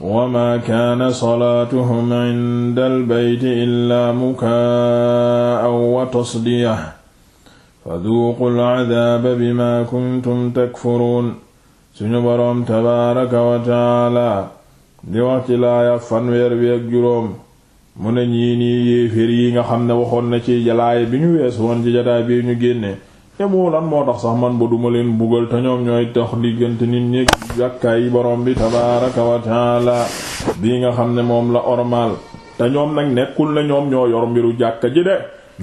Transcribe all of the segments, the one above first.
wama kaana salaatuhum inda albeyti illaa mukaa'an wa tasdiya faduuqu alcadaaba bima kuntum takfuruun suñu boroom tabaaraka wa taala di wax ci laaya fanweer wi ak juróom mu ne ñii nga xam ne waxoon na ci jalaaya bi ñu wees woon ci jataay bi ñu génne te moo lan moo tax sax man ba duma leen bugal te ñoom ñooy tax diggante nit ñi jàkkaay borom bi tabaaraka wa taala bii nga xam ne moom la ormal te ñoom nag nekkul na ñoom ñoo yor mbiru jàkka ji de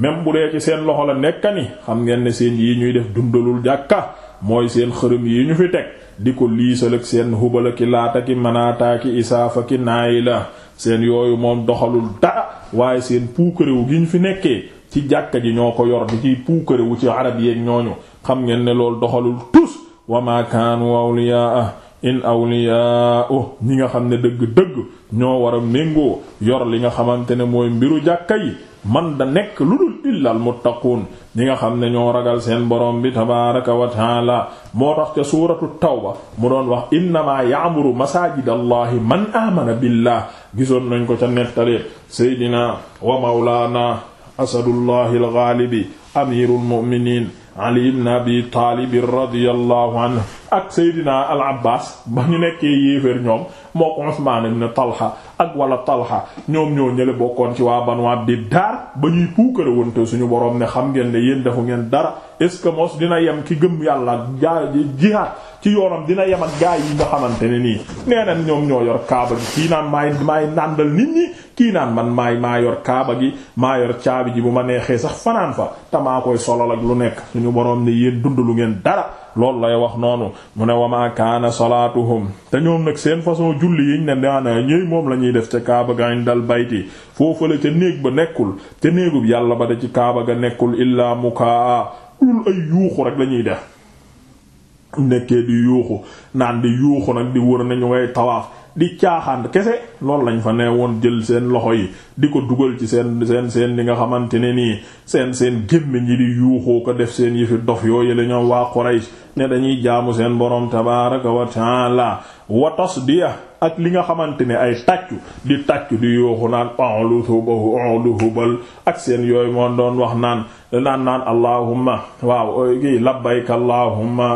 même bu dee ci seen loxo la nekka ni xam ngeen ne seen yii ñuy def dundalul jàkka mooy seen xërëm yi ñu fi teg di ko liisal ak seen hubala ki laata ki manaata ki isaafa ki la seen yooyu moom doxalul dara waaye seen puukaréew gi ñu fi nekkee ci jàkka ji ñoo ko yor di ciy puukare wu ci arab yeeg ñooñu xam ngeen ne loolu doxalul tus wa ma kaanu awliyaa in awliyaa'u ñi nga xam ne dëgg-dëgg ñoo war a méngoo yor li nga xamante ne mooy mbiru jàkka yi man da nekk lu dul illal muttaquun ñi nga xam ne ñoo ragal seen borom bi tabaaraka wa taala moo tax ca suuratu tawba mu doon wax innamaa ya'muru masaajidallahi man aamana billah gisoon nañ ko ca nettali seydina wa mawlaana asadullahi algaalibi amiru almuminin ali ibn abi taalibi radiallahu anhu ak seydina al abbas ba ñu nekkee yéeféer ñoom moo ko Usmaan ibn Talha ak wala Talha ñoom ñoo ñële bokkoon ci waa Banu Abdi Daar ba ñuy puukare wante suñu boroom ne xam ngeen ne yéen defu ngeen dara est ce que mos dina yem ki gëm yàlla jaa ci yoonam dina yem ak gaa yi nga xamante ne nii nee na ñoom ñoo yor kaaba gi kii naan maay maay nàndal nit ñi kii naan man maay maa yor kaaba gi maa yor caabi ji bu ma neexee sax fanaan fa tamaa koy solal ak lu nekk suñu boroom ne yéen dund lu ngeen dara loolu lay wax noonu mu ne wama kaana salaatuhum te ñoom nag seen façon julli ñu ne daana ñëy moom lañuy def ca kaaba ga indal bayti foofu la ca néeg ba nekkul ca néegub yàlla ba da ci kaaba ga nekkul illaa mukaa rek la ñuy def nekkee di yuuxu naan di yuuxu nag di wër nañu ngay tawaaf di caaxaan kese loolu lañ fa ne woon jël seen loxo yi di ko dugal ci seen seen seen li nga xamante ne nii seen seen gémmiñ yi di yuuxoo ko def seen yëfi dof yooyu la ñoom waa Quraysh ne dañuy jaamu seen boroom tabaaraka wa taala wa tasdiya ak li nga xamante ne ay tàccu di tàccu di yuuxu naan olu subahu olu hubal ak seen yooyu moo doon wax naan naan naan allahumma waaw kii labbayka allahumma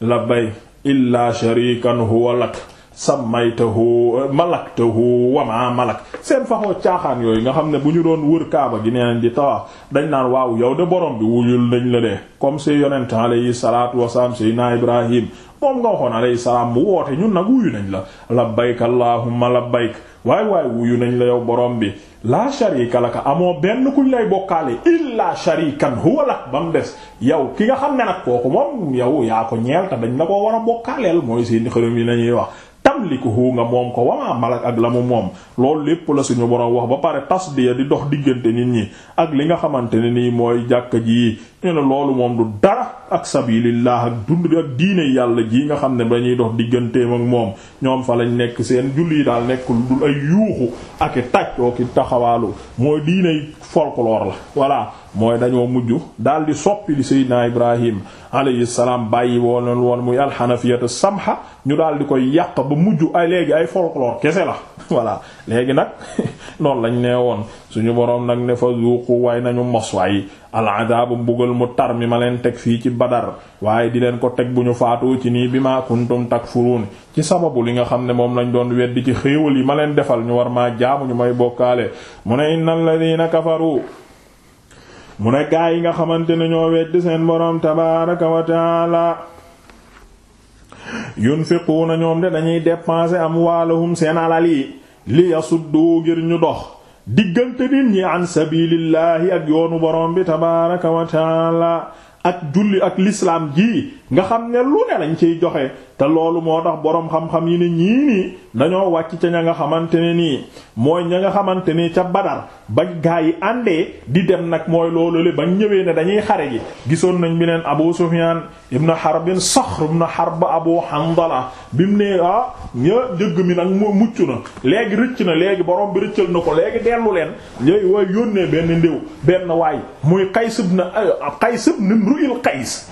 la labbay illaa sharikan huwa lak sammaytahu malaktahu wa ma malak seen faxoo caaxaan yooyu nga xam ne bu ñu doon wër kaaba gi neenañ di tawaaf dañ naan waaw yow de borom bi wuyul nañ la de comme si yonent alayhi salaatu wasalaam sayna Ibrahim moom nga waxoon alayhi salaam bu woote ñun nag wuyu nañ la labbayk allahumma labbayk waay waay wuyu nañ la yow borom bi laa sharika laka amoo benn kuñ lay bokkaale illaa sharikan huwa lak ba mu des yow ki nga xam ne nag kooku moom yow yaa ko ñeel dañ la ko war a bokkaaleel mooy seen xërëm yi lañuy wax tamlikuhu nga moom ko wamaa malak ak la mu moom loolu lépp la suñu borom wax ba pare tasdiya di dox diggante nit ñi ak li nga xamante ne nii mooy jàkka ji ne loolu moom du dara ak sabilillah ak dund ak diine yàlla ji nga xam ne dañuy dox digganteem ak moom ñoom fa lañu nekk seen julli yi daal nekkul dul ay yuuxu ak i tàccoo taxawaalu mooy diiney folklore la voilà mooy dañoo mujj daal di soppi li Seydina Ibrahim alayhi salaam bàyyi woon leen woon muy alxanafiyata samha ñu daal di koy yàq ba mujj ay léegi ay folklore kese la voilà léegi nag noonu lañ nee woon suñu boroom nag ne fa zuuqu waay nañu mos waay aladabu mbugal mu tar mi ma leen teg fii ci badar waaye di leen ko teg bu ñu faatoo ci nii bi ma kuntum takfuruun ci sababu li nga xam ne moom lañ doon weddi ci xéewal yi ma leen defal ñu war maa jaamu ñu may bokkaale mu ne innal ladina kafaru mu ne gaa yi nga xamante ne ñoo weddi seen boroom tabaraka wa taala yunfiquuna ñoom de dañuy dépenser amwaalahum seen alal yi li yasuddu ngir ñu dox diggante nit ñi an sabilillahi ak yoonu borom bi tabaaraka wa taala ak julli ak lislaam ji nga xam ne lu ne lañ ciy joxe te loolu moo tax boroom xam-xam yi ne ñii nii dañoo wàcc ca ña nga xamante ne nii mooy ña nga xamante ni ca Badar ba gaa yi àndee di dem nag mooy loolu le bañ ñëwee ne dañuy xare ji gisoon nañ beneen Abu Sufyan ibn Harbin Saxr ibn Harb Abu Handala bi mu ne ah ña njëgg mi nag moo mucc na léegi rëcc na léegi borom bi rëccal na ko léegi dellu leen yooyu way yónnee benn ndéw benn waay muy Qays ibn Qays ibn Imru'il Qays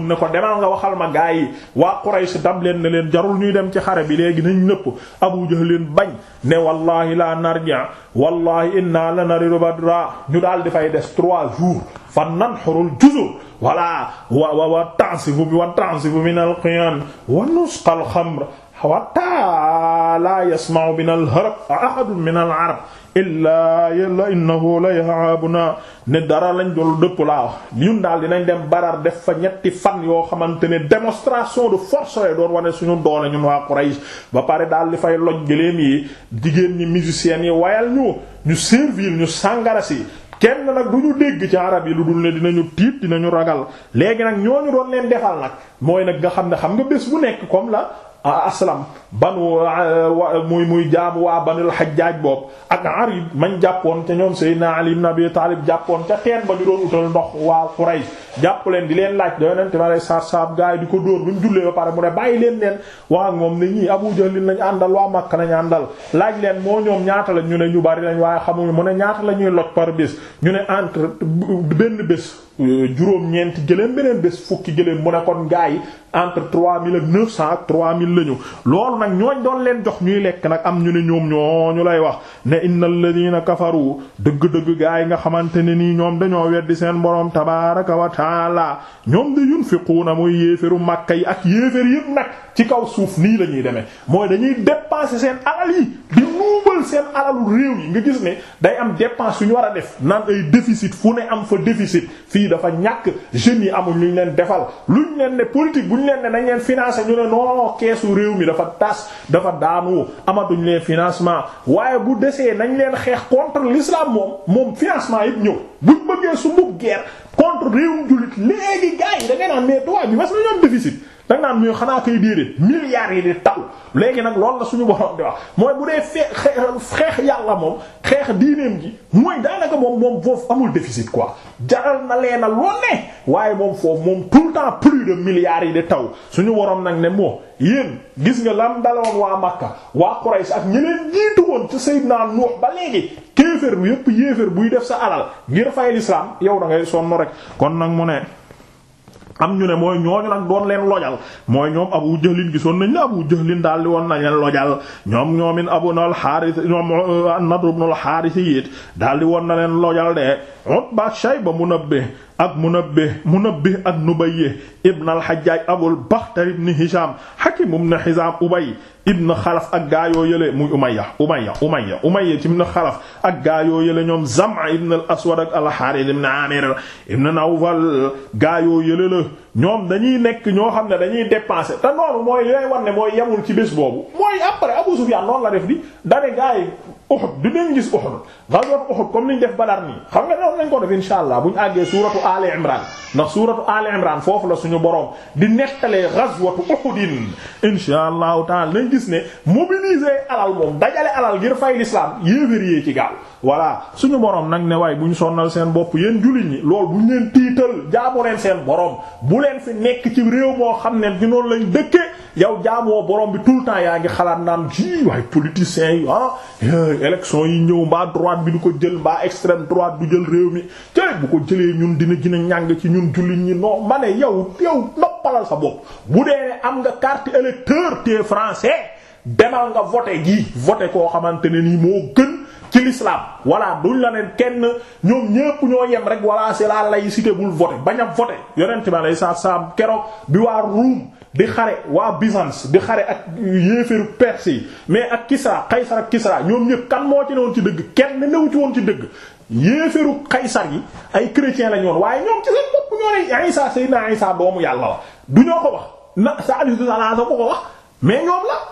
woon ne ko demal nga waxal ma gaa wa waa Quraysh leen ne leen jarul ñuy dem ci xare bi léegi nañ nëpp Abu Jahlin bañ ne wallahi la narja wallahi inna la nariru badra ñu daal di fay des trois jours fa nanxurul juzur wala wa wa wa ta'sifu wa ta'sifu min al-qiyan wa nusqa al-khamr ma la yasma'u min al-harb ahadun min al-arab illaa yalla innahu la yahabuna ne dara lañ dool dëpp laa wax ñun daal dinañ dem barar def fa ñetti fan yoo xamante ne démonstration de force lay doon wane suñu doole ñun waa Quraysh ba pare daal di fay loj gëléem yi jigéen ñi musiciens yi wayal ñu ñu servir ñu sàngara si kenn nag du ñu dégg ci arab yi lu dul ne ñu tiit dinañu ragal léegi nag ñooñu doon leen defal nag mooy nag nga xam ne xam nga bés nekk comme la a aslam banu muy muy jaamu waa banul jaaj boobu ak arib mañ jàppoon ca ñoom sey naa ibn Abi Taalib jàppoon ca teen ba ñu doon utal ndox waa Quraysh jàpp leen di leen laaj doy nañ te ma lay saab saab gaa yi di ko dóor bi mu jullee ba pare mu ne bàyyi leen leen wax ak moom ne ñii Abu Jahl lañ àndal waa Makka lañ àndal laaj leen moo ñoom ñaata la ñu ne ñu bari lañ waaye xamuñu mu ne ñaata la ñuy loj par bés ñu ne entre benn bés Euh, juróom-ñeenti gëléem beneen bés fukki gëléem mu ne kon gaa yi entre trois mille ak trois mille la ñu loolu nag ñooñ doon leen jox ñuy lekk nag am ñu ne ñoom ñu lay wax ne innal ladina kafaru dëgg-dëgg gaa yi nga xamante ne nii ñoom dañoo weddi seen boroom tabaraka wa taala ñoom de na muy yéeféru màkka yi ak yéefér yëpp nag ci kaw suuf nii la ñuy demee mooy dañuy dépenser seen alal yi di nuuma jël seen alalu réew yi nga gis ne day am dépense ñu war a def nan ay déficit fu ne am fa déficit fii dafa ñàkk jeunes yi amuñ luñ leen defal lu luñ leen ne politique buñ leen ne dañ leen financer ñu ne non keesu réew mi dafa tas dafa daanu amatuñ leen financement waaye bu desee nañ leen xeex contre l'islam moom moom financement yi ñëw bu buñ bëggee su mbub guerre contre réewum jullit léegi gars yi da ngay naan bi mas nañu am déficit danga naan ñooy xanaa koy déedéet milliards yi di taw léegi nag loolu la suñu borom di wax mooy bu dee fee xeex yàlla moom xeex diineem ji mooy daanaka moom moom foofu amul déficit quoi jaral na leena lool ne waaye moom foofu moom tout le temps plus de milliards yi di taw suñu borom nag ne moo yéen gis nga lam daloon waa Makka waa Quraysh ak ñi leen jiitu woon ca Seydina Nuux ba léegi kéefër yépp yéefër buy def sa alal ngir fay l'islam yow da ngay sonn rek kon nag mu am ñu ne mooy ñooñu nag doon leen lojal mooy ñoom abu jahlin gisoon nañ la abu jahlin daal di woon na leen lojal ñoom ñoomin abu na alxaaris ñoom euh, nadr ibn alxaaris it daal di woon na leen lojal de utba shayba munabbih ak munabbih munabbih ak nubayh ibn alxajjaaj abul baxtar ibn hisham hakim ibn hizam ubay ibn xalaf ak gaa yoo yële muy umayya umayya umayya umayya ibn xalaf ak gaa yoo yële ñoom zam'a ibn al aswad ak alxaaris ibn amir ibn nawfal gaa yoo yële la ñoom dañuy nekk ñoo xam ne dañuy dépenser te noonu mooy lay war mooy yemul ci bés boobu mooy après abu sufyan noonu la def di dane gaa Uhud dinañ gis Uhud ghazwat Uhud comme niñ def Badar nii xam nga doon nañ ko def insha allah bu àggee suuratu Ali Imran ndax suuratu Ali Imran foofu la suñu borom di nettalee ghazwatu Uhudin insha allahu taala nañ gis ne mobiliser alal moom dajale alal ngir fay l'islam yéeféer yee ci gaaw voilà suñu borom nag ne waaye bu ñu sonnal seen bopp yéen jullit ñi lool bu leen tiital jaamu leen seen borom bu leen fi nekk ci réew moo xam ne ci noonu lañ dëkke yow jaamoo borom bi tout le temps yaa ngi xalaat naan ji waaye politiciens yi ah eh, yi ñëw mbaa droite bi du ko jël mbaa extrême droite du jël réew mi te bu jëlee ñun dina gën a ñàng ci ñun jullit ñi non ma ne yow yow noppalal sa bopp bu dee am nga carte électeur te français demal nga voté gi voté koo xamante ne nii moo gën. ci l'islam voilà duñ la ne kenn ñoom ñépp ñoo yem rek voilà c'est la laïcité bul voter bañ a voter yonent bi alayhi salaatu salaam keroog bi waa Ruum di xare waa Byzance di xare ak yéeféru Perse yi mais ak Kisra Kaysar ak Kisra ñoom ñépp kan moo ci newoon ci dëgg kenn newu ci woon ci dëgg yéeféru Kaysar yi ay chrétiens lañu woon waaye ñoom ci seen bopp ñoo ne Isa Seydina Isa doomu yàlla la du ñoo ko wax na sa alis de sa ko ko wax mais ñoom la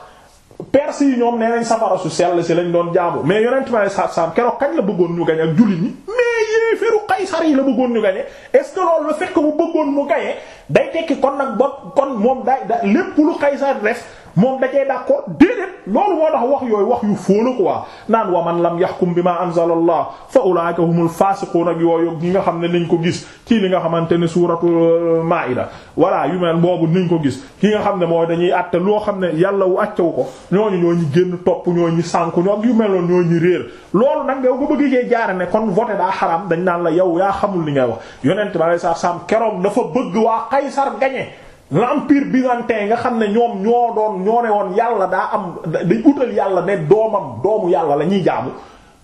perse yi ñoom nee nañ safara su sell si lañ doon jaamu mais yonent ma ne saab saab keroog kañ la bëggoon ñu gañ ak jullit ñi mais yéeferu Qaysar yi la bëggoon ñu gañe est-ce que loolu la fekk mu bëggoon mu gañe day tekki kon nag ba kon moom day lépp lu Qaysar des moom da cee d'accord déedéet loolu moo tax wax yooyu wax yu fóolu quoi naan wa man lam yahkum bima anzalallah fa ulaika humul fasiqun ak yooyu ñi nga xam ne nañ ko gis ci li nga xamante ne suuratul euh, maida voilà yu mel boobu nañ ko gis ki nga xam ne mooy dañuy àtte loo xam ne yàlla wu àccewu ko ñooñu ñoo ñu génn topp ñoo ñu sànku ñoo ak yu mel noonu ñoo ñu réer loolu nag nga ko bëgg cee jaare ne kon voté daa xaram dañ naan la yow yaa xamul li ngay wax yonent bi sallallahu alayhi wasallam keroog dafa bëgg waa Qaysar gagner l'empire byzantin nga xam ne ñoom ñoo doon ñoo ne woon yàlla daa am dañ utal yàlla ne doomam doomu yàlla la ñuy jaamu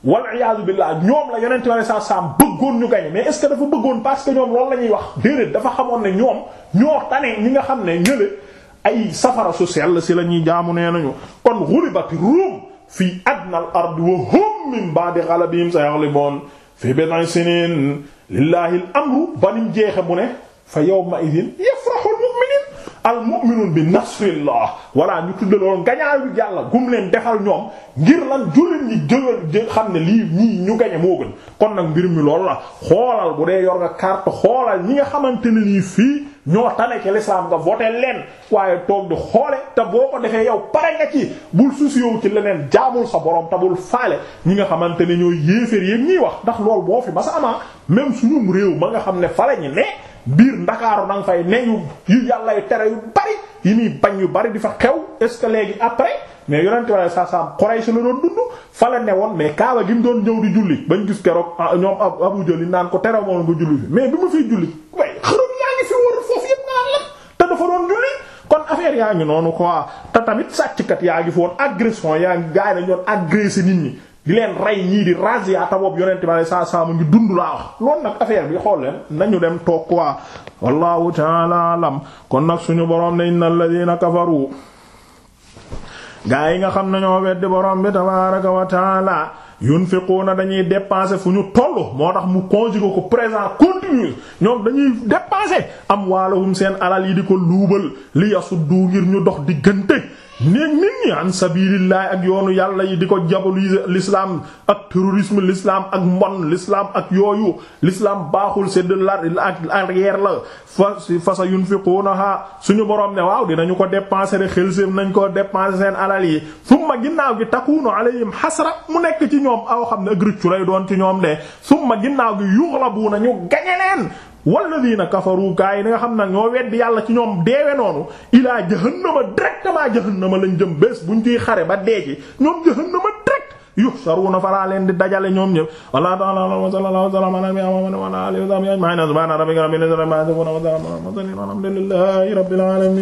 wal iyaazu billah ñoom la yonent bi saa saam bëggoon ñu gañe mais est que dafa bëggoon parce que ñoom loolu la ñuy wax déedéet dafa xamoon ne ñoom ñoo tane ñi nga xam ne ñële ay safara su la si la ñuy jaamu nee nañu kon ghulibati ruum fii adna al ard wa hum min ba'di ghalabihim sayaghlibun fi bid'i sinin lillahi al amru banim jeexe mu ne fa yawma idhin yafrah al mu'minun bi nasrillah voilà ñu tuddaloon bi yàlla gum leen defal ñoom ngir lan jullit ñi jë xam ne lii ñu gañe moo gën kon nag mbir mi lool la xoolal bu dee yor nga carte xoolal ñi nga xamante ne nii fii ñoo tane ci l'islam nga voté leen waaye toog di xoole te boo ko defee yow pare nga ci bul susi yow ci leneen jaamul sa borom te bul faale ñi nga xamante ni ñooy yéeféer yéeg ñiy wax ndax loolu boo fi masa amaa ah, même suñum réew ma nga xam ne fale biir ndakaaru na nga fay ne yu yu yàlla yu tere yu bari yi muy bañ yu bari di fa xew est ce léegi après mais yonent wala sa sa Quraysh la doon dund fa la ne woon mais kaaba gi mu doon ñëw di julli bañ gis keroog ah, ñoom Abu Jahl naan ko tere woon nga julli fi mais bi ma fiy julli way xërëm yaa ngi fi wër foofu yëpp naan la te dafa doon julli kon affaire yaa ngi noonu quoi te tamit sàcckat yaa ngi fi woon agression yaa ngi gaay dañu doon agresser nit ñi di leen rey ñii di razia ta boobu yonente bi saa saa mu ngi dund laa wax loolu nag affaire bi xool leen nañu dem toog quoi wallahu ta'ala alam kon nag suñu boroom ne innal ladina kafaru gaa yi nga xam ne ñoo weddi borom bi tabaraka wa taala yunfiquna dañuy dépenser fu ñu toll moo tax mu conjugué ko présent continu ñoom dañuy dépenser amwaalahum seen alal yi di ko luubal li du ngir ñu dox diggante néeg nit ñi an sabilillah ak yoonu yàlla yi di ko diaboliser lislaam ak terrorisme l'islam ak mbon lislaam ak yooyu l'islam baaxul c'est de l'arrière la fa fa sa yunfiqunaha suñu borom ne waaw dinañu ko dépenser de xel seen nañ ko dépenser seen alal yi summa ginnaaw gi takunu alayhim hasra mu nekk ci ñoom aw xam ne ak rëccu doon ci ñoom de ma ginnaaw gi yughlabuna ñu gañe leen walladina kafaru gaa yi nga xam nag ñoo weddi yàlla ci ñoom deewe noonu ilaa jahannama directement jahannama lañ jëm bés buñ ciy xare ba dee ci ñoom jahannama direct yuhsharuna falaa leen di dajale ñoom ñëpp wallahu ta'ala wa sallallahu sallam ala nabiyyina wa ala alihi wa sahbihi ajma'in subhana rabbika rabbil izzati amma yasifun wa salamun ala mursalin walhamdulillahi rabbil alamin